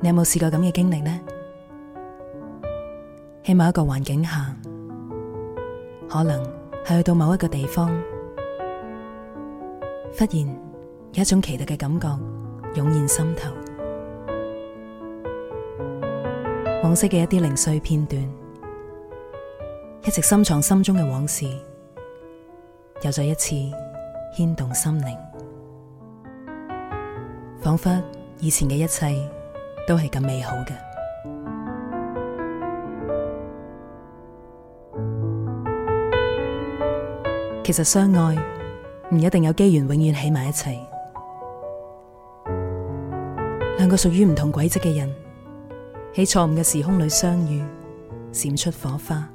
你有冇試過咁嘅經歷呢？喺某一個環境下，可能係去到某一個地方，忽然有一種奇特嘅感覺湧現心頭。往昔嘅一啲零碎片段，一直深藏心中嘅往事，又再一次牽動心靈，仿佛以前嘅一切。都係咁美好嘅。其實相愛唔一定有機緣永遠喺埋一齊，兩個屬於唔同軌跡嘅人喺錯誤嘅時空裏相遇，閃出火花。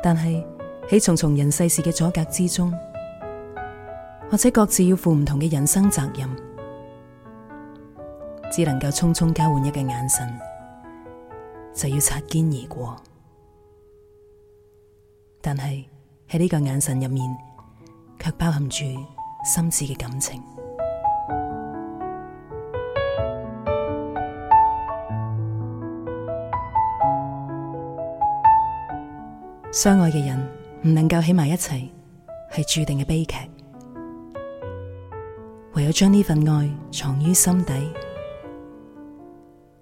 但係喺重重人世事嘅阻隔之中，或者各自要負唔同嘅人生責任。只能夠匆匆交換一個眼神，就要擦肩而過。但係喺呢個眼神入面，卻包含住深摯嘅感情。相愛嘅人唔能夠喺埋一齊，係注定嘅悲劇。唯有將呢份愛藏於心底。